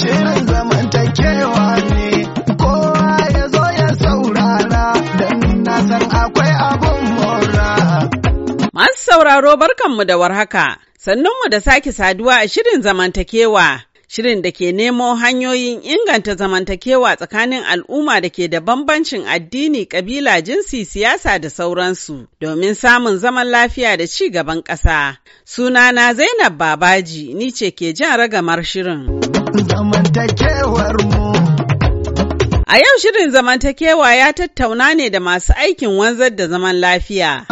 Shirin zamantakewa ne kowa ya zo ya saurara don na akwai abun mora. Masu sauraro barkanmu da warhaka, sannunmu da sake saduwa a shirin zamantakewa. Shirin da ke nemo hanyoyin inganta zamantakewa tsakanin al'umma da ke da bambancin addini, kabila, jinsi, siyasa da sauransu domin samun zaman lafiya da ci gaban ƙasa. Sunana Zainab Babaji, ni ce ke jan ragamar shirin. zamantakewar mu. A yau shirin zamantakewa ya tattauna ne da masu aikin wanzar da zaman lafiya.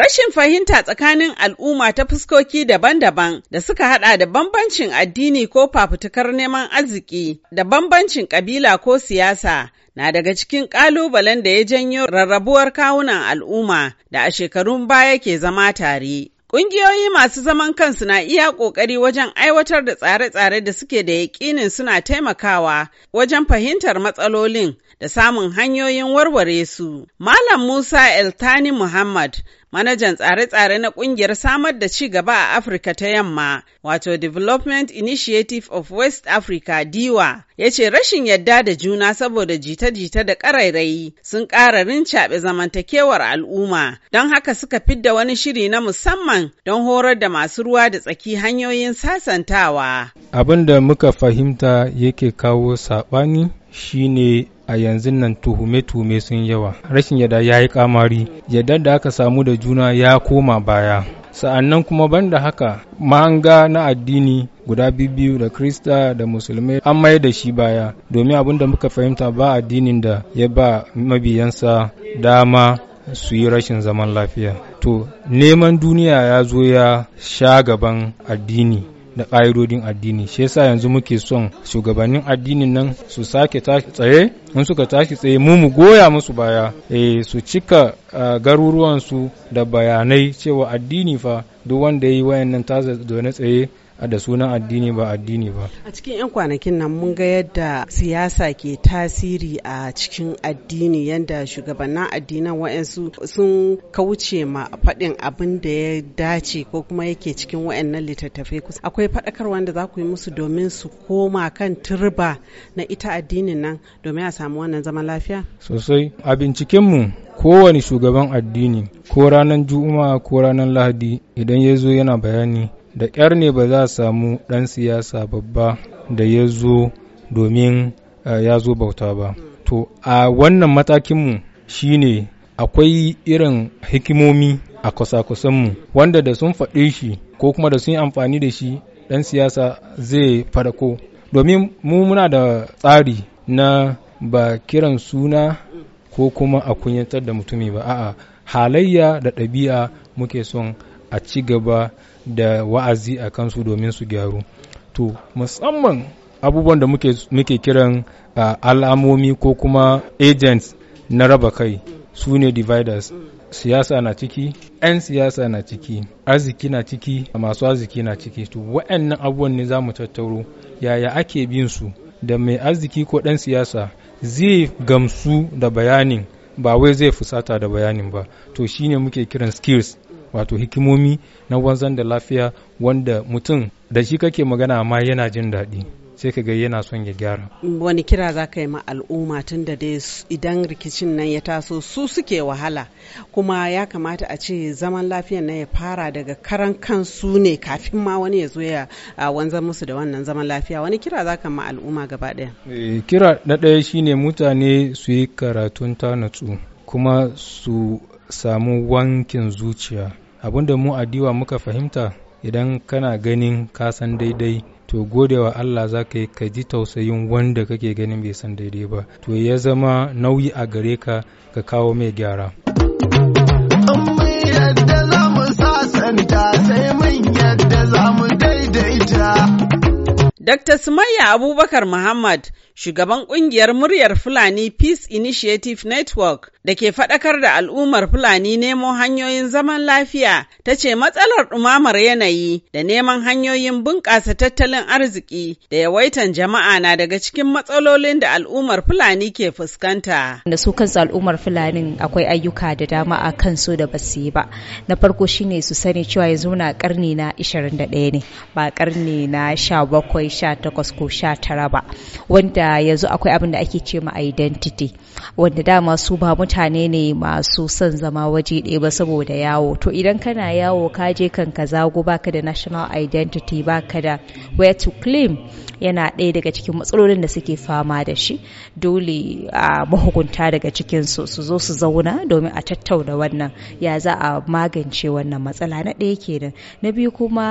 Rashin fahimta tsakanin al'umma ta fuskoki daban-daban da suka hada da bambancin addini ko fafutukar neman arziki da bambancin kabila ko siyasa na daga cikin ƙalubalen da ya janyo rarrabuwar kawunan al'umma da a shekarun baya ke zama tare. Ƙungiyoyi masu zaman kansu na iya ƙoƙari wajen aiwatar da tsare-tsare da suke da yaƙinin suna taimakawa wajen fahimtar matsalolin da samun hanyoyin warware su. Malam Musa Eltani Muhammad manajan tsare-tsare na kungiyar samar da ci gaba a Afirka ta yamma, wato Development Initiative of West Africa Diwa, ya ce rashin yadda da juna saboda jita-jita da ƙarairayi sun ƙara rincaɓe zamantakewar al'umma, don haka suka fidda wani shiri na musamman don horar da masu ruwa da tsaki hanyoyin sasantawa. Abin da muka fahimta yake kawo saɓani shine a yanzu nan tuhume-tuhume sun yawa rashin yadda ya yi kamari yadda da aka samu da juna ya koma baya sa'annan kuma banda haka mahanga na addini guda biyu da krista da musulmai an mai da shi baya domin abin da muka fahimta ba addinin da ya ba mabiyansa dama su yi rashin zaman lafiya to neman duniya ya zo ya sha gaban addini da ƙa'idodin addini shi yasa yanzu muke son shugabannin addinin nan su sake tashi tsaye in suka tashi tsaye mu mu goya musu baya eh su cika garuruwansu da bayanai cewa addini fa duk wanda yayi wayannan taza da tsaye da sunan addini ba addini ba a cikin 'yan kwanakin nan mun ga yadda siyasa ke tasiri a cikin addini yadda shugabannin addinan wa'ansu sun kauce ma faɗin abin da ya dace ko kuma yake cikin wa'annan littattafai kusa akwai faɗakar wanda za ku yi musu domin su koma kan turba na ita addinin nan domin a samu wannan zaman lafiya sosai a mu kowane shugaban addini ko ranar juma'a ko ranar lahadi idan ya zo yana bayani da ƙyar ne ba za a samu ɗan siyasa babba da ya zo domin eh, ya zo bauta ba to a wannan matakinmu shi ne akwai irin hikimomi a kwasa-kwasanmu wanda da sun faɗe shi ko kuma da sun yi amfani da shi ɗan siyasa zai farko domin mu muna da tsari na ba kiran suna ko kuma a kunyatar da mutumi ba a'a halayya da ɗabi'a muke son a ci gaba da wa'azi a kansu domin su gyaru to musamman abubuwan da muke kiran al'amomi ko kuma agents na raba kai su ne dividers siyasa na ciki 'yan siyasa na ciki arziki na ciki masu arziki na ciki to wa'annan abubuwan ne za mu tattauro yaya ake bin su da mai arziki ko ɗan siyasa zai gamsu da bayanin ba wai zai fusata da bayanin ba to shine muke kiran skills wato hikimomi na wanzan da lafiya wanda mutum da shi kake magana amma yana jin daɗi sai ka ga yana son ya gyara wani kira za ka yi ma al'umma tun da dai idan rikicin nan ya taso su suke wahala kuma ya kamata a ce zaman lafiyan na ya fara daga karan kansu ne kafin ma wani ya zo ya wanza musu da wannan zaman lafiya wani kira za ka ma al'umma gaba ɗaya eh, kira na ɗaya shine mutane su yi karatun ta natsu kuma su samu wankin zuciya abinda mu adiwa muka fahimta idan kana ganin ka san daidai to godewa Allah za ka yi ka ji tausayin wanda kake ganin bai san daidai ba to ya zama nauyi a gare ka ka kawo mai gyara Dr. Sumayya Abubakar Muhammad, shugaban ƙungiyar muryar Fulani Peace Initiative Network da ke faɗakar da al'ummar Fulani nemo hanyoyin zaman lafiya, ta ce matsalar ɗumamar yanayi da neman hanyoyin bunƙasa tattalin arziki da yawaitan jama'a na daga cikin matsalolin da al'ummar Fulani ke fuskanta. Da su kansu al'ummar Fulani akwai ayyuka da dama a kansu da basu yi ba. Na farko shine su sani cewa yanzu na ƙarni na 21 ne, ba ƙarni na sha bakwai. sha takwas ko sha tara ba wanda yanzu akwai abin da ake ce ma identity wanda dama su ba mutane ne masu son zama waje ɗaya ba saboda yawo to idan kana yawo ka je kan ka zago baka da national identity baka da where to claim yana ɗaya daga cikin matsalolin da suke fama da shi dole a mahukunta daga cikin su su zo su zauna domin a tattauna wannan ya za a magance wannan matsala na ɗaya kenan na biyu kuma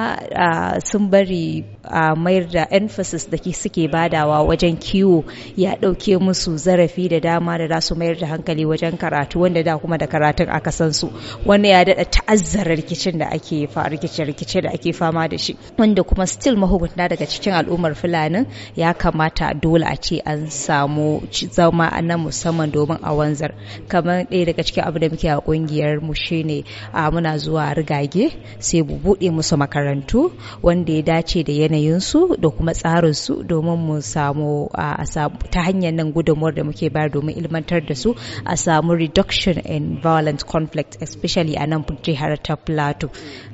sun bari a mayar da emphasis da suke badawa wajen kiwo ya ɗauke musu zarafi da dama da za su mayar da hankali wajen karatu wanda da kuma da karatun aka san su wannan ya daɗa ta'azzara rikicin da ake fa rikice rikice da ake fama da shi wanda kuma still mahukunta daga cikin al'ummar fulanin ya kamata dole a ce an samu zama a nan musamman domin a wanzar kamar ɗaya daga cikin abu da muke a kungiyar mu shine a muna zuwa rigage sai mu buɗe musu makarantu wanda ya dace da yanayinsu da kuma su domin mu samu ta hanyar nan gudunmuwar da muke bayar domin ilmantar da su a samu reduction in violent conflict especially a nan jihar ta plateau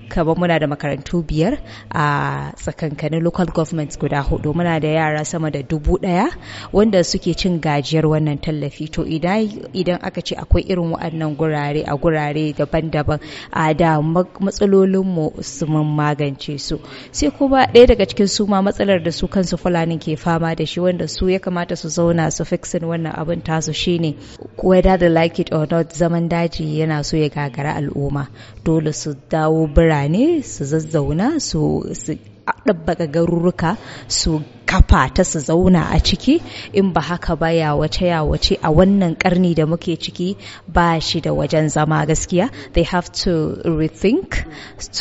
kaba muna da makarantu biyar a tsakankanin local government guda hudu muna da yara sama da dubu daya wanda suke cin gajiyar wannan tallafi to idan aka ce akwai irin waɗannan gurare a gurare daban-daban a da matsalolinmu su mun magance su sai kuma ɗaya daga cikin su ma matsalar da su kansu fulani ke fama da shi wanda su ya kamata su zauna su fixin wannan abin tasu shine whether they like it or not zaman daji yana so ya gagara al'umma dole su dawo bira birane su zazzauna su ɗabbaka garuruka su kafa ta su zauna a ciki in ba haka ba ya wace ya wace a wannan karni da muke ciki ba shi da wajen zama gaskiya they have to rethink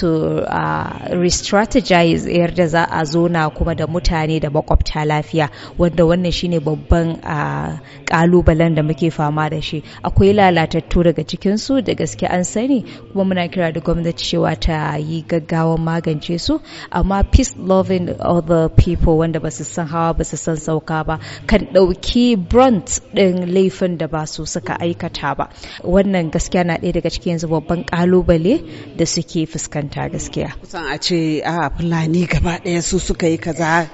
to uh, re-strategize da za a zauna kuma da mutane da makwabta lafiya wanda wannan shine babban uh, da muke fama da shi akwai lalatattu daga cikinsu da gaske an sani kuma muna kira da gwamnati cewa ta yi gaggawan magance su amma peace loving other people wanda ba Su san hawa basu san sauka ba kan ɗauki brunt ɗin laifin da ba su suka aikata ba wannan gaskiya na ɗaya daga cikin yanzu babban kalubale da suke fuskanta gaskiya kusan a ce a fulani gaba ɗaya su suka yi kaza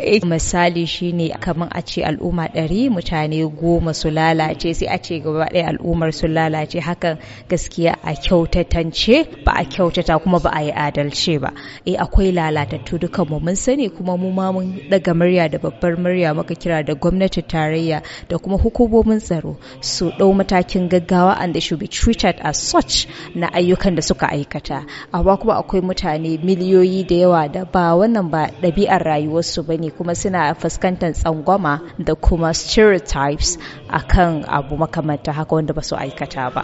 eh, misali shine kamar a ce al'umma ɗari mutane goma su lalace sai a ce gaba ɗaya al'ummar su lalace hakan gaskiya a kyautatance ba a kyautata kuma ba a yi adalce ba eh akwai lalatattu dukan mu mun sani kuma mu ma mun daga murya da babbar murya muka kira da gwamnatin tarayya da kuma hukumomin tsaro su ɗau matakin gaggawa and they should be treated as such na ayyukan da suka aikata amma kuma akwai mutane miliyoyi da yawa da ba wannan ba ɗabi'ar rayuwarsu ba ne kuma suna fuskantar tsangwama da kuma stereotypes akan abu makamanta haka wanda ba su aikata ba.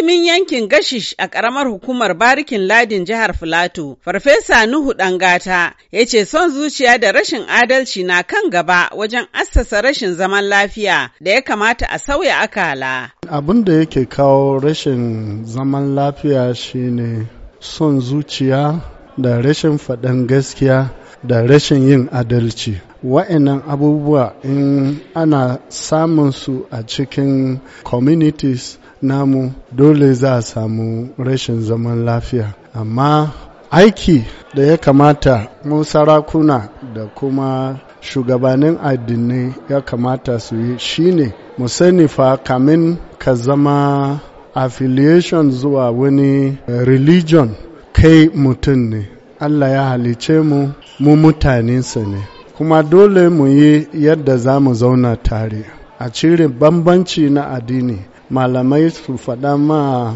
Hakimin yankin Gashish a ƙaramar hukumar Barikin Ladin jihar Filato, Farfesa Nuhu Ɗangata ya ce son zuciya da rashin adalci na kan gaba wajen assasa rashin zaman lafiya da ya kamata a sauya akala. Abin da yake kawo rashin zaman lafiya shine son zuciya da rashin faɗin gaskiya da rashin yin adalci. wa'annan abubuwa in ana samun su a cikin communities namu dole za a samu rashin zaman lafiya amma aiki da ya kamata mu sarakuna da kuma shugabannin addinai ya kamata su yi shine mu sani fa kamin ka zama affiliation zuwa wani eh, religion kai mutum ne allah ya halice mu mu mutanensa ne kuma dole mu yi yadda za mu zauna tare a cire bambanci na addini malamai su faɗa ma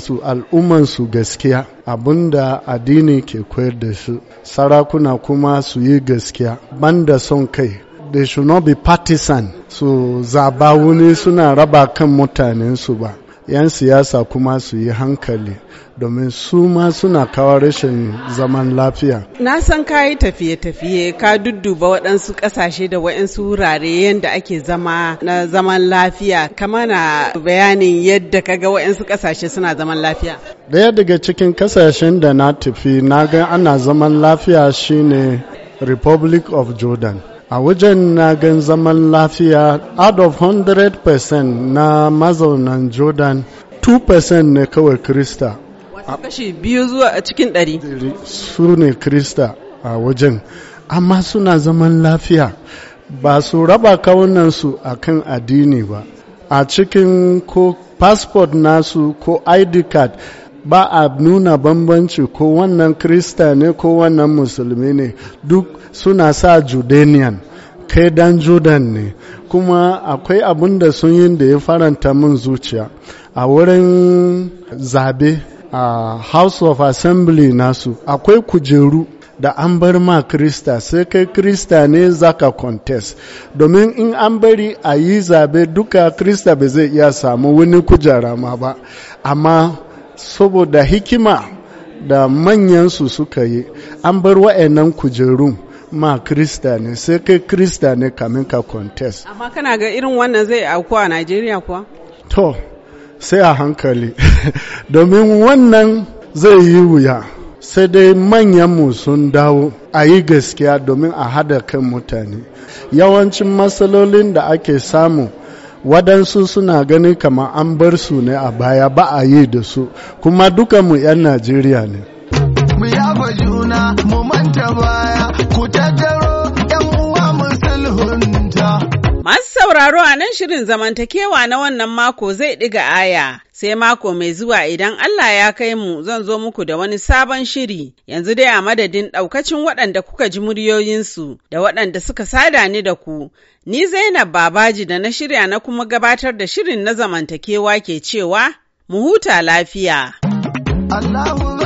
su al'umman su gaskiya da addini ke koyar da su sarakuna kuma su yi gaskiya da son kai they should not be partisan su zaba wuni suna raba kan su ba 'yan siyasa kuma su yi hankali domin su ma suna kawo rashin zaman lafiya. Na san ka yi tafiye-tafiye ka dudduba waɗansu ƙasashe da waɗansu wurare yadda ake zama na zaman lafiya. Kama na bayanin yadda ka ga waɗansu ƙasashe suna zaman lafiya. Daya daga cikin ƙasashen da na tafi na ga ana zaman lafiya shine Republic of Jordan. a wajen na gan zaman lafiya out of 100% na mazaunan jordan 2% ne kawai krista wato kashi biyu zuwa a cikin ɗari su ne krista a wajen amma suna zaman lafiya ba su raba su a kan addini ba a cikin ko passport nasu ko id card ba a nuna bambanci ko wannan krista ne ko wannan musulmi ne duk suna sa judanian kai dan judan ne kuma akwai abin da sun yi da ya faranta min zuciya a wurin zabe a house of assembly nasu akwai kujeru da an bar ma krista sai kai krista ne zaka contest domin in an bari a yi zabe duka krista ba zai iya samu wani kujera ma ba amma saboda hikima da manyansu suka yi an bar wa'annan kujeru ma krista ne sai kai krista ne kamin ka contest amma kana ga irin wannan zai aukuwa a nigeria kuwa to sai a hankali domin wannan zai yi wuya sai dai manyanmu sun dawo a yi gaskiya domin a hada kan mutane yawancin matsalolin da ake samu waɗansu suna ganin kamar an bar su ne a baya ba a yi da su kuma duka mu 'yan najeriya ne mu yaba juna mu manta baya ku tattara Masu sauraro a nan shirin zamantakewa na wannan mako zai ɗiga aya, sai mako mai zuwa idan Allah ya kai mu zan zo muku da wani sabon shiri, yanzu dai a madadin ɗaukacin waɗanda kuka ji muryoyinsu da waɗanda suka sada ni da ku. Ni Zainab Babaji da na shirya na kuma gabatar da shirin na zamantakewa ke cewa, mu huta lafiya. Allahu